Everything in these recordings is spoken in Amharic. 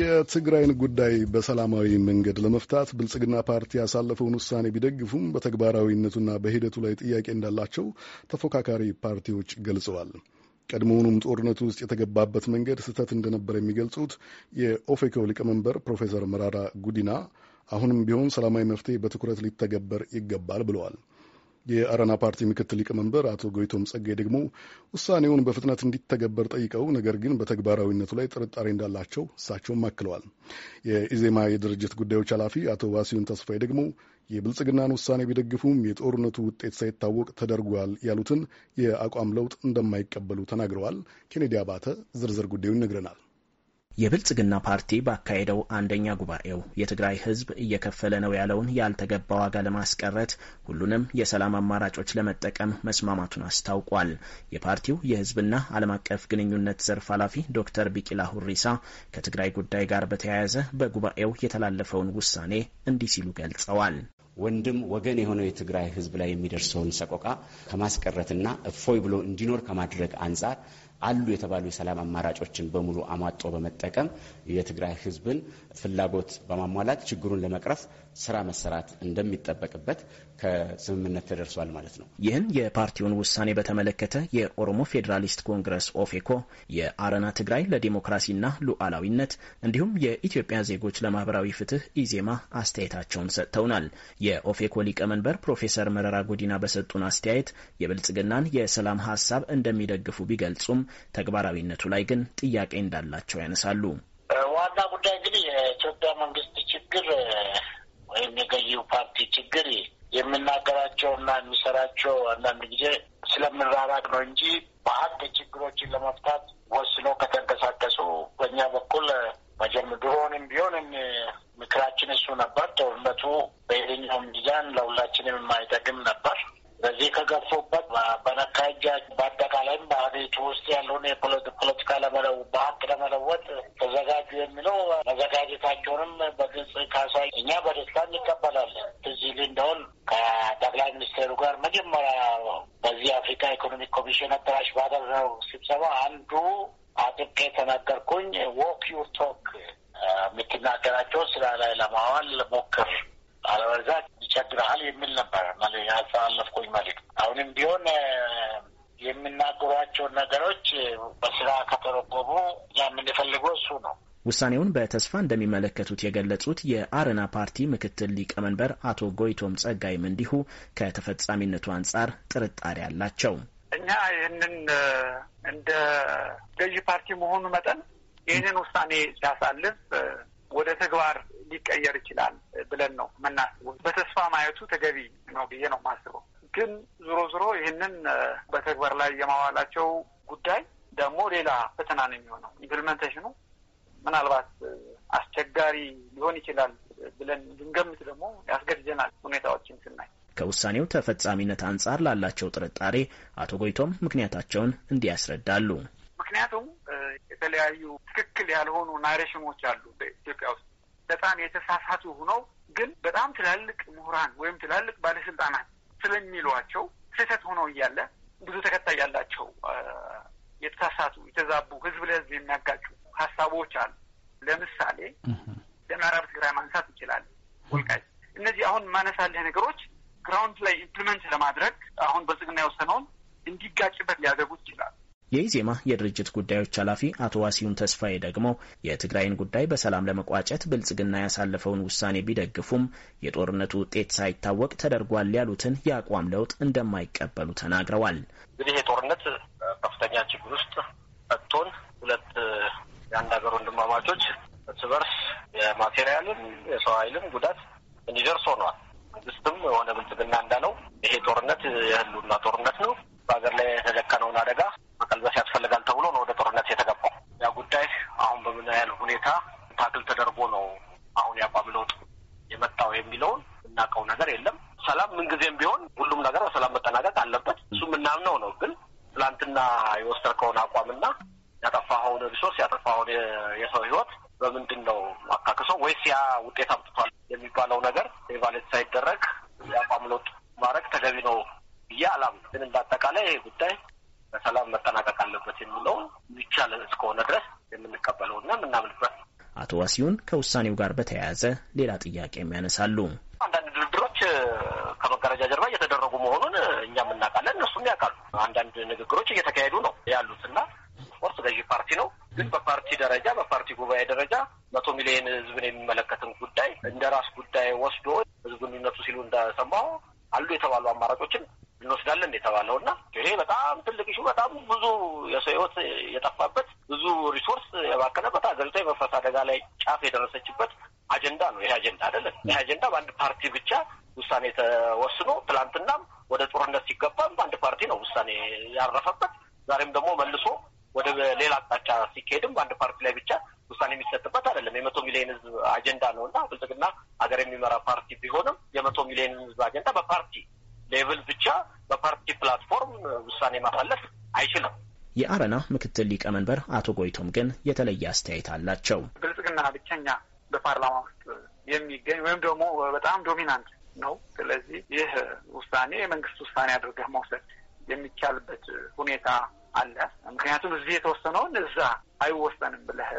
የትግራይን ጉዳይ በሰላማዊ መንገድ ለመፍታት ብልጽግና ፓርቲ ያሳለፈውን ውሳኔ ቢደግፉም በተግባራዊነቱና በሂደቱ ላይ ጥያቄ እንዳላቸው ተፎካካሪ ፓርቲዎች ገልጸዋል። ቀድሞውኑም ጦርነቱ ውስጥ የተገባበት መንገድ ስህተት እንደነበር የሚገልጹት የኦፌኮ ሊቀመንበር ፕሮፌሰር መራራ ጉዲና አሁንም ቢሆን ሰላማዊ መፍትሄ በትኩረት ሊተገበር ይገባል ብለዋል። የአረና ፓርቲ ምክትል ሊቀመንበር አቶ ጎይቶም ጸጋይ ደግሞ ውሳኔውን በፍጥነት እንዲተገበር ጠይቀው ነገር ግን በተግባራዊነቱ ላይ ጥርጣሬ እንዳላቸው እሳቸውም አክለዋል። የኢዜማ የድርጅት ጉዳዮች ኃላፊ አቶ ዋሲዩን ተስፋዬ ደግሞ የብልጽግናን ውሳኔ ቢደግፉም የጦርነቱ ውጤት ሳይታወቅ ተደርጓል ያሉትን የአቋም ለውጥ እንደማይቀበሉ ተናግረዋል። ኬኔዲ አባተ ዝርዝር ጉዳዩን ይነግረናል። የብልጽግና ፓርቲ ባካሄደው አንደኛ ጉባኤው የትግራይ ሕዝብ እየከፈለ ነው ያለውን ያልተገባ ዋጋ ለማስቀረት ሁሉንም የሰላም አማራጮች ለመጠቀም መስማማቱን አስታውቋል። የፓርቲው የሕዝብና ዓለም አቀፍ ግንኙነት ዘርፍ ኃላፊ ዶክተር ቢቂላ ሁሪሳ ከትግራይ ጉዳይ ጋር በተያያዘ በጉባኤው የተላለፈውን ውሳኔ እንዲህ ሲሉ ገልጸዋል። ወንድም ወገን የሆነው የትግራይ ሕዝብ ላይ የሚደርሰውን ሰቆቃ ከማስቀረትና እፎይ ብሎ እንዲኖር ከማድረግ አንጻር አሉ የተባሉ የሰላም አማራጮችን በሙሉ አሟጦ በመጠቀም የትግራይ ህዝብን ፍላጎት በማሟላት ችግሩን ለመቅረፍ ስራ መሰራት እንደሚጠበቅበት ከስምምነት ተደርሷል ማለት ነው። ይህን የፓርቲውን ውሳኔ በተመለከተ የኦሮሞ ፌዴራሊስት ኮንግረስ ኦፌኮ፣ የአረና ትግራይ ለዲሞክራሲና ሉዓላዊነት እንዲሁም የኢትዮጵያ ዜጎች ለማህበራዊ ፍትህ ኢዜማ አስተያየታቸውን ሰጥተውናል። የኦፌኮ ሊቀመንበር ፕሮፌሰር መረራ ጉዲና በሰጡን አስተያየት የብልጽግናን የሰላም ሀሳብ እንደሚደግፉ ቢገልጹም ተግባራዊነቱ ላይ ግን ጥያቄ እንዳላቸው ያነሳሉ። ዋና ጉዳይ እንግዲህ የኢትዮጵያ መንግስት ችግር ወይም የገዢው ፓርቲ ችግር የምናገራቸው እና የሚሰራቸው አንዳንድ ጊዜ ስለምራራቅ ነው እንጂ በአንድ ችግሮችን ለመፍታት ወስኖ ከተንቀሳቀሱ በእኛ በኩል መጀመሪያ ድሮንም ቢሆንም ምክራችን እሱ ነበር። ጦርነቱ በየትኛውም ሚዛን ለሁላችንም የማይጠቅም ነበር። በዚህ ከገፉበት በነካ በአጠቃላይም በሀገሪቱ ውስጥ ያለውን የፖለቲካ ለመለው በሀቅ ለመለወጥ ተዘጋጁ የሚለው መዘጋጀታቸውንም በግልጽ ካሳይ እኛ በደስታ እንቀበላለን። እዚህ ል እንደሆን ከጠቅላይ ሚኒስትሩ ጋር መጀመሪያ በዚህ አፍሪካ ኢኮኖሚክ ኮሚሽን አዳራሽ ባደረው ስብሰባ አንዱ አጥብቄ የተናገርኩኝ ዎክ ዩር ቶክ የምትናገራቸው ስራ ላይ ለማዋል ሞክር፣ አለበለዚያ ይቸግረሃል የሚል ነበር ያስተላለፍኩኝ መልዕክት። አሁንም ቢሆን የምናገሯቸውን ነገሮች በስራ ከተረጎሙ የምንፈልገው እሱ ነው። ውሳኔውን በተስፋ እንደሚመለከቱት የገለጹት የአረና ፓርቲ ምክትል ሊቀመንበር አቶ ጎይቶም ጸጋይም እንዲሁ ከተፈጻሚነቱ አንጻር ጥርጣሬ አላቸው። እኛ ይህንን እንደ ገዢ ፓርቲ መሆኑ መጠን ይህንን ውሳኔ ሲያሳልፍ ወደ ተግባር ሊቀየር ይችላል ብለን ነው የምናስበው። በተስፋ ማየቱ ተገቢ ነው ብዬ ነው የማስበው። ግን ዞሮ ዞሮ ይህንን በተግባር ላይ የማዋላቸው ጉዳይ ደግሞ ሌላ ፈተና ነው የሚሆነው። ኢምፕሊመንቴሽኑ ምናልባት አስቸጋሪ ሊሆን ይችላል ብለን ልንገምት ደግሞ ያስገድደናል ሁኔታዎችን ስናይ። ከውሳኔው ተፈጻሚነት አንጻር ላላቸው ጥርጣሬ አቶ ጎይቶም ምክንያታቸውን እንዲህ ያስረዳሉ። ምክንያቱም የተለያዩ ትክክል ያልሆኑ ናሬሽኖች አሉ በኢትዮጵያ ውስጥ በጣም የተሳሳቱ ሆነው ግን በጣም ትላልቅ ምሁራን ወይም ትላልቅ ባለስልጣናት ስለሚሏቸው ስህተት ሆነው እያለ ብዙ ተከታይ ያላቸው የተሳሳቱ የተዛቡ ህዝብ ለህዝብ የሚያጋጩ ሀሳቦች አሉ። ለምሳሌ ለምዕራብ ትግራይ ማንሳት ይችላል። ወልቃይት እነዚህ አሁን ማነሳለህ ነገሮች ግራውንድ ላይ ኢምፕሊመንት ለማድረግ አሁን በጽግና የወሰነውን እንዲጋጭበት ሊያደርጉት ይችላል። የኢዜማ የድርጅት ጉዳዮች ኃላፊ አቶ ዋሲሁን ተስፋዬ ደግሞ የትግራይን ጉዳይ በሰላም ለመቋጨት ብልጽግና ያሳለፈውን ውሳኔ ቢደግፉም የጦርነቱ ውጤት ሳይታወቅ ተደርጓል ያሉትን የአቋም ለውጥ እንደማይቀበሉ ተናግረዋል። እንግዲህ የጦርነት ከፍተኛ ችግር ውስጥ መጥቶን ሁለት የአንድ ሀገር ወንድማማቾች እርስ በርስ የማቴሪያልም የሰው ኃይልም ጉዳት እንዲደርስ ሆኗል። መንግስትም የሆነ ብልጽግና እንዳለው ይሄ ጦርነት የህልውና ጦርነት ነው የለም። ሰላም ምንጊዜም ቢሆን ሁሉም ነገር በሰላም መጠናቀቅ አለበት። እሱ የምናምነው ነው። ግን ትላንትና የወሰድከውን አቋምና ያጠፋኸውን ሪሶርስ ያጠፋኸውን የሰው ህይወት በምንድን ነው አካክሰው ወይስ ያ ውጤት አምጥቷል የሚባለው ነገር ኤቫሌት ሳይደረግ የአቋም ለውጥ ማድረግ ተገቢ ነው ብዬ አላምንም። ግን እንዳጠቃላይ ይሄ ጉዳይ በሰላም መጠናቀቅ አለበት የሚለው የሚቻል እስከሆነ ድረስ የምንቀበለውና የምናምንበት አቶ ዋሲሁን ከውሳኔው ጋር በተያያዘ ሌላ ጥያቄም ያነሳሉ። ከእኛ ጀርባ እየተደረጉ መሆኑን እኛም እናውቃለን፣ እነሱም ያውቃሉ። አንዳንድ ንግግሮች እየተካሄዱ ነው ያሉት እና ኦፍኮርስ ገዢ ፓርቲ ነው፣ ግን በፓርቲ ደረጃ በፓርቲ ጉባኤ ደረጃ መቶ ሚሊዮን ህዝብን የሚመለከትን ጉዳይ እንደ ራስ ጉዳይ ወስዶ ህዝብንነቱ ሲሉ እንደሰማው አሉ የተባሉ አማራጮችን እንወስዳለን የተባለው እና ይሄ በጣም ትልቅ ሹ በጣም ብዙ የሰው ህይወት የጠፋበት ብዙ ሪሶርስ የባከነበት ሀገሪቷ የመፍረስ አደጋ ላይ ጫፍ የደረሰችበት አጀንዳ ነው። ይሄ አጀንዳ አይደለም። ይሄ አጀንዳ በአንድ ፓርቲ ሲካሄድም በአንድ ፓርቲ ላይ ብቻ ውሳኔ የሚሰጥበት አይደለም። የመቶ ሚሊዮን ህዝብ አጀንዳ ነው እና ብልጽግና ሀገር የሚመራ ፓርቲ ቢሆንም የመቶ ሚሊዮን ህዝብ አጀንዳ በፓርቲ ሌቭል ብቻ በፓርቲ ፕላትፎርም ውሳኔ ማሳለፍ አይችልም። የአረና ምክትል ሊቀመንበር አቶ ጎይቶም ግን የተለየ አስተያየት አላቸው። ብልጽግና ብቸኛ በፓርላማ ውስጥ የሚገኝ ወይም ደግሞ በጣም ዶሚናንት ነው። ስለዚህ ይህ ውሳኔ የመንግስት ውሳኔ አድርገህ መውሰድ የሚቻልበት ሁኔታ አለ። ምክንያቱም እዚህ የተወሰነውን እዛ አይወሰንም ብለህ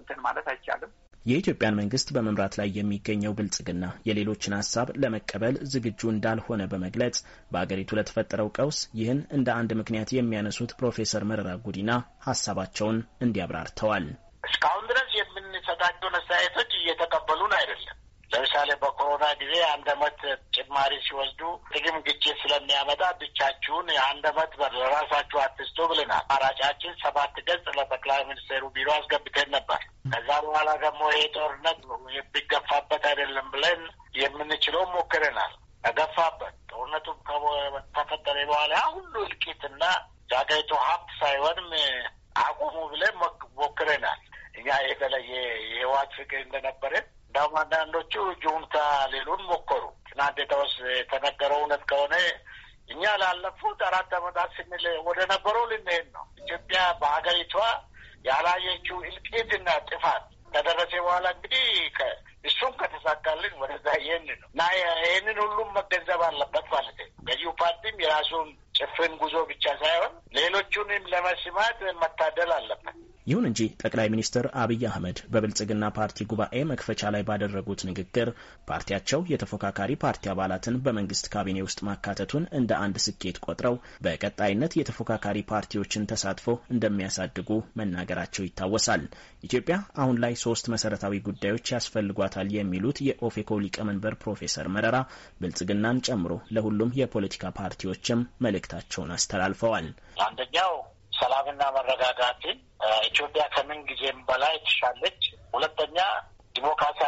እንትን ማለት አይቻልም። የኢትዮጵያን መንግስት በመምራት ላይ የሚገኘው ብልጽግና የሌሎችን ሀሳብ ለመቀበል ዝግጁ እንዳልሆነ በመግለጽ በአገሪቱ ለተፈጠረው ቀውስ ይህን እንደ አንድ ምክንያት የሚያነሱት ፕሮፌሰር መረራ ጉዲና ሀሳባቸውን እንዲያብራርተዋል። እስካሁን ድረስ የምንሰጣቸውን አስተያየቶች እየተቀበሉን አይደለም። ለምሳሌ በኮሮና ጊዜ አንድ አመት ጭማሪ ሲወስዱ ጥቅም ግጭት ስለሚያመጣ ብቻችሁን የአንድ አመት ለራሳችሁ አትስቶ ብለናል። አማራጫችን ሰባት ገጽ ለጠቅላይ ሚኒስትሩ ቢሮ አስገብተን ነበር። ከዛ በኋላ ደግሞ ይሄ ጦርነት የሚገፋበት አይደለም ብለን የምንችለው ሞክረናል። ተገፋበት። ጦርነቱ ከፈጠረ በኋላ ሁሉ እልቂትና የአገሪቱ ሀብት ሳይሆንም አቁሙ ብለን ሞክረናል። እኛ የተለየ የህወሓት ፍቅር እንደነበረን እንዳሁም አንዳንዶቹ ጁንታ ሊሉን ሞከሩ። ትናንት የተወስ የተነገረው እውነት ከሆነ እኛ ላለፉት አራት አመታት ስንል ወደ ነበረው ልንሄድ ነው። ኢትዮጵያ በሀገሪቷ ያላየችው እልቂትና ጥፋት ከደረሰ በኋላ እንግዲህ እሱም ከተሳካልን ወደዛ ይህን ነው እና ይህንን ሁሉም መገንዘብ አለበት ማለት ነው። ገዢው ፓርቲም የራሱን ጭፍን ጉዞ ብቻ ሳይሆን ሌሎቹንም ለመስማት መታደል አለበት። ይሁን እንጂ ጠቅላይ ሚኒስትር አብይ አህመድ በብልጽግና ፓርቲ ጉባኤ መክፈቻ ላይ ባደረጉት ንግግር ፓርቲያቸው የተፎካካሪ ፓርቲ አባላትን በመንግስት ካቢኔ ውስጥ ማካተቱን እንደ አንድ ስኬት ቆጥረው በቀጣይነት የተፎካካሪ ፓርቲዎችን ተሳትፎ እንደሚያሳድጉ መናገራቸው ይታወሳል። ኢትዮጵያ አሁን ላይ ሶስት መሰረታዊ ጉዳዮች ያስፈልጓታል የሚሉት የኦፌኮ ሊቀመንበር ፕሮፌሰር መረራ ብልጽግናን ጨምሮ ለሁሉም የፖለቲካ ፓርቲዎችም መልእክታቸውን አስተላልፈዋል። አንደኛው ሰላምና መረጋጋትን ኢትዮጵያ ከምን ጊዜም በላይ ትሻለች። ሁለተኛ ዲሞክራሲ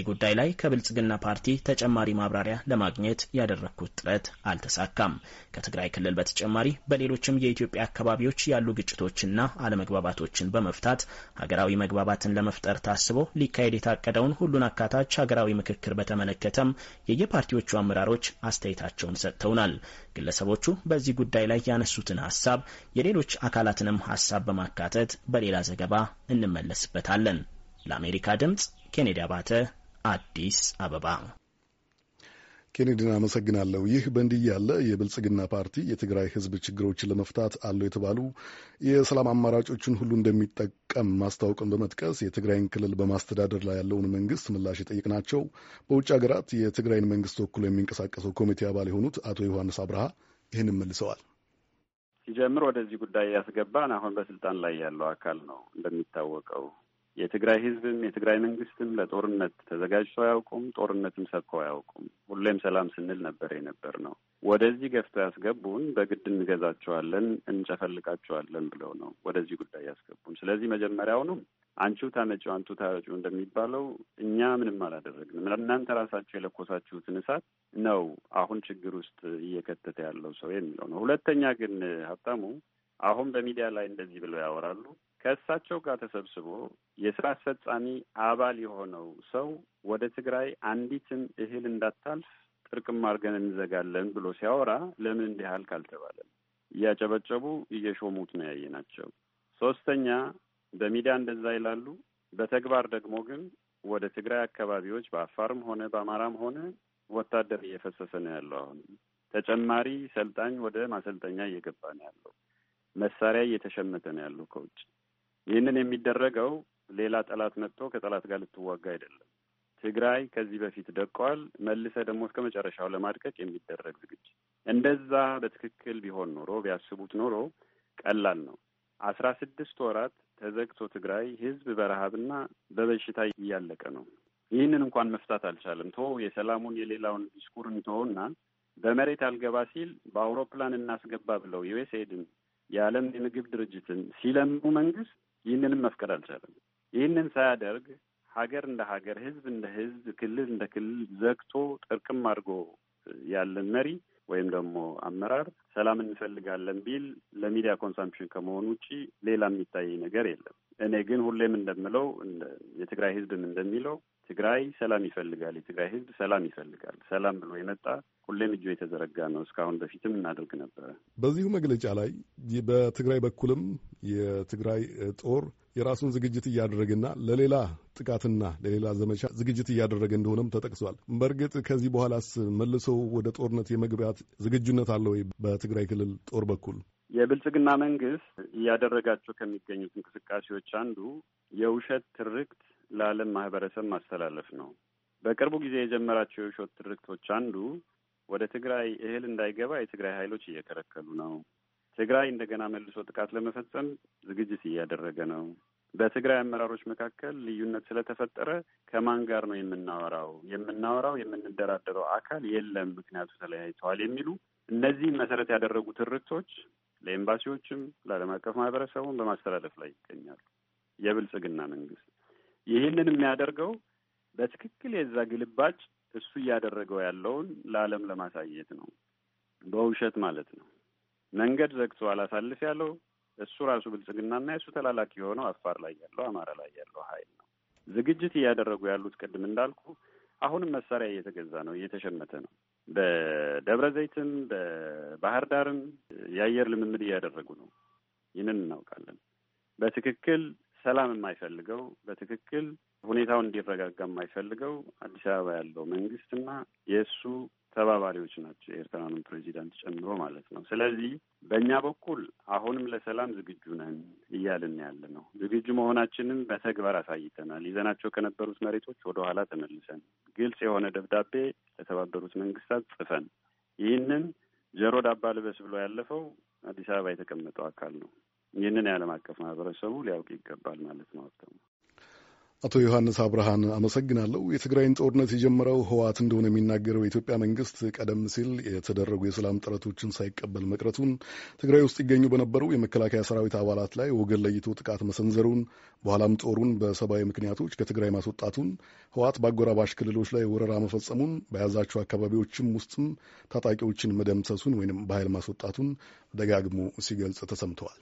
በዚህ ጉዳይ ላይ ከብልጽግና ፓርቲ ተጨማሪ ማብራሪያ ለማግኘት ያደረግኩት ጥረት አልተሳካም። ከትግራይ ክልል በተጨማሪ በሌሎችም የኢትዮጵያ አካባቢዎች ያሉ ግጭቶችና አለመግባባቶችን በመፍታት ሀገራዊ መግባባትን ለመፍጠር ታስቦ ሊካሄድ የታቀደውን ሁሉን አካታች ሀገራዊ ምክክር በተመለከተም የየፓርቲዎቹ አመራሮች አስተያየታቸውን ሰጥተውናል። ግለሰቦቹ በዚህ ጉዳይ ላይ ያነሱትን ሀሳብ የሌሎች አካላትንም ሀሳብ በማካተት በሌላ ዘገባ እንመለስበታለን። ለአሜሪካ ድምፅ ኬኔዲ አባተ አዲስ አበባ። ኬኔዲን አመሰግናለሁ። ይህ በእንዲህ ያለ የብልጽግና ፓርቲ የትግራይ ሕዝብ ችግሮችን ለመፍታት አለው የተባሉ የሰላም አማራጮችን ሁሉ እንደሚጠቀም ማስታወቅን በመጥቀስ የትግራይን ክልል በማስተዳደር ላይ ያለውን መንግስት ምላሽ የጠየቅናቸው በውጭ ሀገራት የትግራይን መንግስት ወክሎ የሚንቀሳቀሰው ኮሚቴ አባል የሆኑት አቶ ዮሐንስ አብርሃ ይህንም መልሰዋል። ሲጀምር ወደዚህ ጉዳይ ያስገባን አሁን በስልጣን ላይ ያለው አካል ነው እንደሚታወቀው የትግራይ ህዝብም የትግራይ መንግስትም ለጦርነት ተዘጋጅቶ አያውቁም። ጦርነትም ሰጥቶ አያውቁም። ሁሌም ሰላም ስንል ነበር የነበር ነው። ወደዚህ ገፍቶ ያስገቡን በግድ እንገዛቸዋለን፣ እንጨፈልቃቸዋለን ብለው ነው ወደዚህ ጉዳይ ያስገቡን። ስለዚህ መጀመሪያውንም አንቺው ታመጪው አንቱ ታረጪው እንደሚባለው እኛ ምንም አላደረግንም። እናንተ ራሳችሁ የለኮሳችሁትን እሳት ነው አሁን ችግር ውስጥ እየከተተ ያለው ሰው የሚለው ነው። ሁለተኛ ግን ሀብታሙ አሁን በሚዲያ ላይ እንደዚህ ብለው ያወራሉ። ከእሳቸው ጋር ተሰብስቦ የስራ አስፈጻሚ አባል የሆነው ሰው ወደ ትግራይ አንዲትም እህል እንዳታልፍ ጥርቅም አድርገን እንዘጋለን ብሎ ሲያወራ ለምን እንዲህ አልክ አልተባለም። እያጨበጨቡ እየሾሙት ነው ናቸው። ሶስተኛ በሚዲያ እንደዛ ይላሉ። በተግባር ደግሞ ግን ወደ ትግራይ አካባቢዎች በአፋርም ሆነ በአማራም ሆነ ወታደር እየፈሰሰ ነው ያለው። አሁን ተጨማሪ ሰልጣኝ ወደ ማሰልጠኛ እየገባ ነው ያለው። መሳሪያ እየተሸመተ ነው ያለው ከውጭ ይህንን የሚደረገው ሌላ ጠላት መጥቶ ከጠላት ጋር ልትዋጋ አይደለም። ትግራይ ከዚህ በፊት ደቀዋል። መልሰ ደግሞ እስከ መጨረሻው ለማድቀቅ የሚደረግ ዝግጅት። እንደዛ በትክክል ቢሆን ኖሮ ቢያስቡት ኖሮ ቀላል ነው። አስራ ስድስት ወራት ተዘግቶ ትግራይ ህዝብ በረሃብና በበሽታ እያለቀ ነው። ይህንን እንኳን መፍታት አልቻለም። ቶ የሰላሙን የሌላውን ዲስኩርን ተሆና በመሬት አልገባ ሲል በአውሮፕላን እናስገባ ብለው ዩኤስኤድን የዓለም የምግብ ድርጅትን ሲለምኑ መንግስት ይህንንም መፍቀድ አልቻለም። ይህንን ሳያደርግ ሀገር እንደ ሀገር፣ ህዝብ እንደ ህዝብ፣ ክልል እንደ ክልል ዘግቶ ጥርቅም አድርጎ ያለን መሪ ወይም ደግሞ አመራር ሰላም እንፈልጋለን ቢል ለሚዲያ ኮንሳምፕሽን ከመሆኑ ውጪ ሌላ የሚታይ ነገር የለም። እኔ ግን ሁሌም እንደምለው የትግራይ ህዝብም እንደሚለው ትግራይ ሰላም ይፈልጋል። የትግራይ ህዝብ ሰላም ይፈልጋል። ሰላም ብሎ የመጣ ሁሌም እጁ የተዘረጋ ነው። እስካሁን በፊትም እናደርግ ነበረ። በዚሁ መግለጫ ላይ በትግራይ በኩልም የትግራይ ጦር የራሱን ዝግጅት እያደረገና ለሌላ ጥቃትና ለሌላ ዘመቻ ዝግጅት እያደረገ እንደሆነም ተጠቅሷል። በእርግጥ ከዚህ በኋላስ መልሶ ወደ ጦርነት የመግባት ዝግጁነት አለ ወይ በትግራይ ክልል ጦር በኩል? የብልጽግና መንግስት እያደረጋቸው ከሚገኙት እንቅስቃሴዎች አንዱ የውሸት ትርክት ለዓለም ማህበረሰብ ማስተላለፍ ነው። በቅርቡ ጊዜ የጀመራቸው የውሸት ትርክቶች አንዱ ወደ ትግራይ እህል እንዳይገባ የትግራይ ኃይሎች እየከለከሉ ነው፣ ትግራይ እንደገና መልሶ ጥቃት ለመፈጸም ዝግጅት እያደረገ ነው፣ በትግራይ አመራሮች መካከል ልዩነት ስለተፈጠረ ከማን ጋር ነው የምናወራው የምናወራው የምንደራደረው አካል የለም፣ ምክንያቱ ተለያይተዋል የሚሉ እነዚህን መሰረት ያደረጉ ትርክቶች ለኤምባሲዎችም ለዓለም አቀፍ ማህበረሰቡን በማስተላለፍ ላይ ይገኛሉ። የብልጽግና መንግስት ይህንን የሚያደርገው በትክክል የዛ ግልባጭ እሱ እያደረገው ያለውን ለዓለም ለማሳየት ነው። በውሸት ማለት ነው። መንገድ ዘግቶ አላሳልፍ ያለው እሱ ራሱ ብልጽግናና የእሱ ተላላኪ የሆነው አፋር ላይ ያለው አማራ ላይ ያለው ኃይል ነው። ዝግጅት እያደረጉ ያሉት ቅድም እንዳልኩ አሁንም መሳሪያ እየተገዛ ነው፣ እየተሸመተ ነው። በደብረ ዘይትም በባህር ዳርም የአየር ልምምድ እያደረጉ ነው። ይህንን እናውቃለን። በትክክል ሰላም የማይፈልገው በትክክል ሁኔታውን እንዲረጋጋ የማይፈልገው አዲስ አበባ ያለው መንግስትና የእሱ ተባባሪዎች ናቸው የኤርትራንም ፕሬዚዳንት ጨምሮ ማለት ነው። ስለዚህ በእኛ በኩል አሁንም ለሰላም ዝግጁ ነን እያልን ያለ ነው። ዝግጁ መሆናችንን በተግባር አሳይተናል። ይዘናቸው ከነበሩት መሬቶች ወደኋላ ተመልሰን ግልጽ የሆነ ደብዳቤ ለተባበሩት መንግስታት ጽፈን ይህንን ጆሮ ዳባ ልበስ ብሎ ያለፈው አዲስ አበባ የተቀመጠው አካል ነው። ይህንን የዓለም አቀፍ ማህበረሰቡ ሊያውቅ ይገባል ማለት ነው። አቶ ዮሐንስ አብርሃን አመሰግናለሁ። የትግራይን ጦርነት የጀመረው ህወሓት እንደሆነ የሚናገረው የኢትዮጵያ መንግስት ቀደም ሲል የተደረጉ የሰላም ጥረቶችን ሳይቀበል መቅረቱን፣ ትግራይ ውስጥ ይገኙ በነበሩ የመከላከያ ሰራዊት አባላት ላይ ወገን ለይቶ ጥቃት መሰንዘሩን፣ በኋላም ጦሩን በሰብአዊ ምክንያቶች ከትግራይ ማስወጣቱን፣ ህወሓት በአጎራባሽ ክልሎች ላይ ወረራ መፈጸሙን፣ በያዛቸው አካባቢዎችም ውስጥም ታጣቂዎችን መደምሰሱን ወይም በኃይል ማስወጣቱን ደጋግሞ ሲገልጽ ተሰምተዋል።